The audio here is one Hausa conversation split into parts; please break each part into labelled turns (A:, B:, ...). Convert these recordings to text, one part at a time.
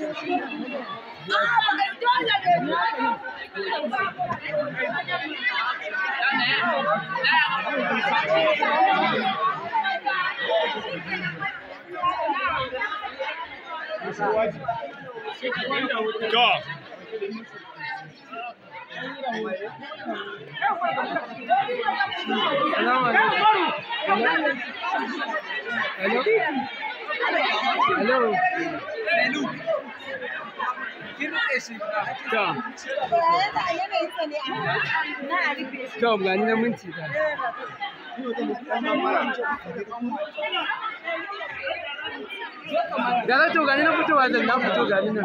A: Go. Hello. Hello. Hello. To, gani minti Da na to gani na fitowa zan na fito nan.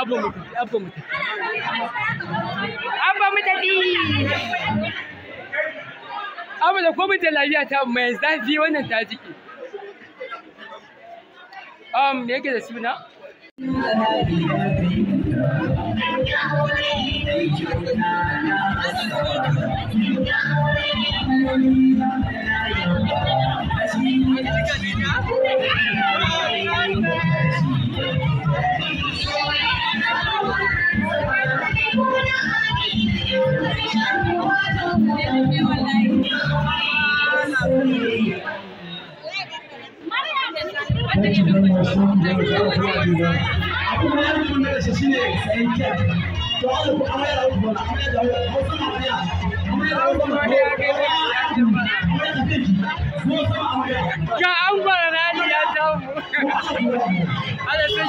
A: abba mu tafi abba mu abba mu tafi abba da komai da lafiya ta mai zafi wannan ta jiki um me yake da suna Thank you. abu kuma yana tun daga shi shine sayan kyan to ala ku amaya da ku bana amaya da hausa na amaya amaya da hausa yi amaya y'a da kiki ko sama amaya ya an bara na ala sun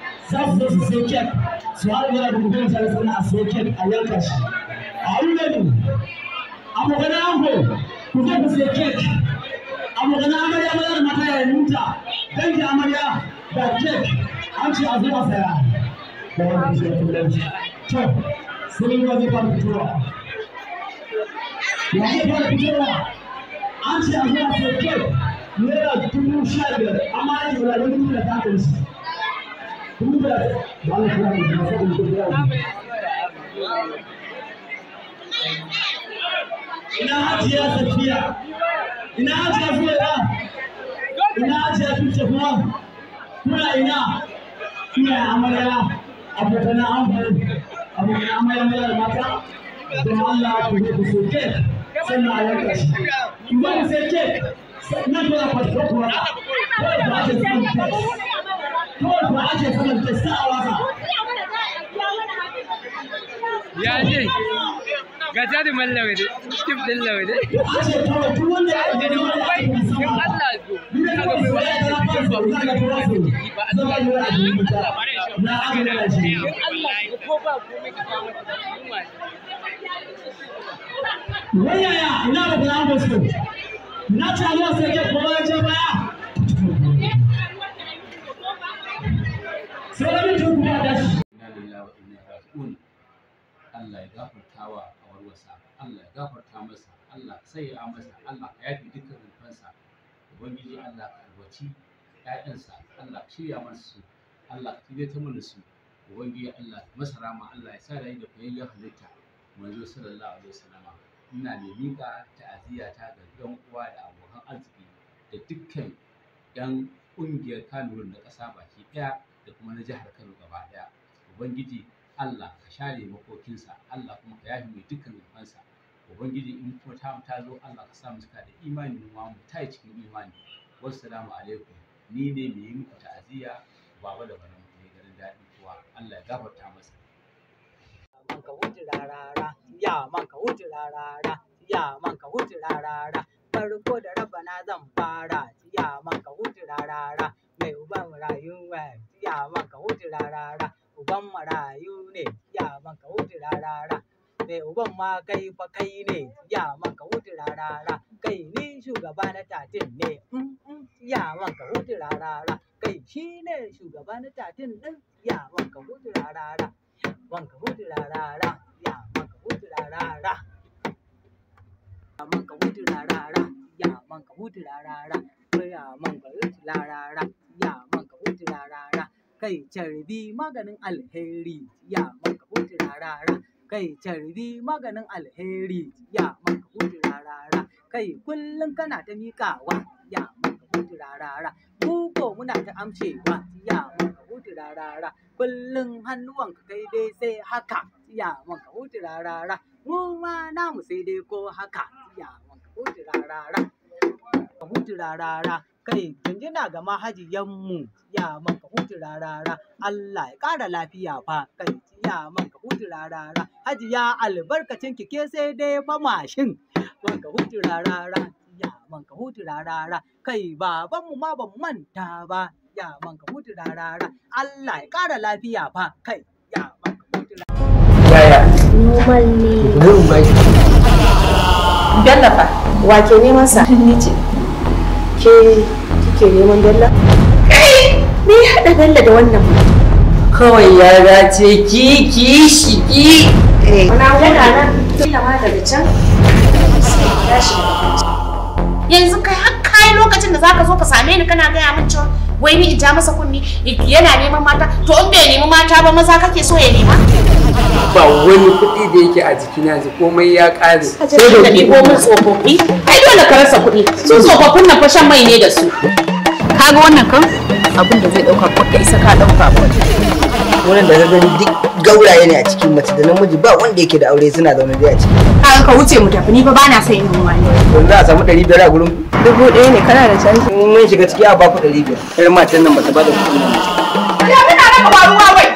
A: za su zo su sai kek su haɗa yana da gudun sa sana a sai kek a yanka shi a ne, a wuri abokan ango ku zo ku sai kek abokan amarya maza da mata yayin nuta danki amarya da kek an ce a zuwa saya da wani shi da turanci to sai yi wani fara fitowa
B: yayin fara fitowa
A: an ce a zuwa sai kek naira dubu sha biyar amma ya yi wuraren dubu da takansu ina hajiya safiya ina hajiya fiye ina hajiya fiye kuma kuna ina kuna amarya abokan amfani abokan amarya mala da mata don Allah ku zo ku soke sannan a yanka shi ku zo ku soke nan kuna fasfo kuwa ko da ba ta kawai ba ake saman ta sa a wasa ya ce yi da za yi wani na amina na ta ke kuma baya inna wa Allah ya gafarta wa kawarwarsa Allah ya gafarta masa Allah ka sanya masa Allah ka yafi dukkan rufansa ubangiji Allah ka albaci ƴaƴansa Allah ka shirya masa su Allah ka tilata mana su ubangiji Allah masa rama Allah ya sa da da fayayyen halitta manzo sallallahu alaihi wasallama ina mai miƙa ta'aziyata ga ɗan uwa da abokan arziki da dukkan 'yan ƙungiyar kanurun na ƙasa baki ɗaya da kuma na jihar kano gaba ɗaya ubangiji Allah ka share makokinsa Allah kuma ka yafi mai dukkan zunubansa ubangiji in kuma ta ta zo Allah ka sa mu suka da imani mu mu tayi cikin imani salamu alaikum ni ne mai yi muku ta'aziyya baba da bana mai garin daɗi kuwa, Allah ya gafarta masa
B: man ka hutu rarara ya man ka hutu rarara ya man ka hutu rarara farko da raba na zan fara ciya man ka hutu rarara mai uban rayu ciya man ka hutu rarara uban marayu ne ciya man ka hutu rarara mai uban ma kai fa kai ne ciya man ka hutu rarara kai ni shugaba na tatin ne ciya mm, mm, man ka hutu rarara kai shi ne shugaba na tatin din ciya man ka hutu rarara wanka hutu rarara ya wanka hutu rarara man ka hutu rarara ya man ka hutu rarara ya man ka hutu rarara ya man ka hutu rarara kai carbi maganin alheri ya man ka hutu rarara kai carbi maganin alheri ya man ka hutu rarara kai kullum kana ta mikawa ya man ka hutu rarara mu ko muna ta amcewa ya man ka hutu rarara kullum hannuwanka kai dai sai haka ya man ka hutu rarara mu ma namu sai dai ko haka rarara ka hutu rarara kai jinjina ga mahajiyanmu ya man ka hutu Allah ya ƙara lafiya fa kai ya man ka hutu hajiya albarkacin ki ke sai dai fa mashin man ka hutu ya man ka hutu kai ma ban manta ba ya man ka hutu Allah ya lafiya fa kai ya man ka
A: hutu normal ne normal fa wa ke neman sa ni ce ke kike neman dalla kai me ya hada dalla da wannan
B: kawai ya dace ki ki shi ki eh ana wada nan kila ma daga can yanzu kai har kai lokacin da zaka zo ka same ni kana gaya min cewa wai ni in ja masa kunni yana neman mata to in bai nemi mata ba maza kake so ya nema ba wani kuɗi da yake a jikina yanzu komai ya ƙare sai da ko mun tsofaffi ai dole ka rasa kuɗi su tsofaffin nan fashan mai ne da su kaga wannan kan abin da zai ɗauka kuɗi isa ka ɗauka ba wurin da ka gani duk gauraye ne a cikin mace da namiji ba wanda yake da aure suna zaune dai a ciki kaga ka wuce mu tafi ni fa bana son yin wani yanzu za a samu ɗari biyar a gurin dubu ɗaya ne kana da canji mun mai shiga ciki a baku ɗari biyar ƴar matan nan ba ta ba da kuɗi
A: ya muna raka ba ruwa wai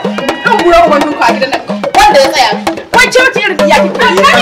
A: ɗan gura uban duka a gidan nan wanda ya tsaya wai ciwo ciyar irin ya ki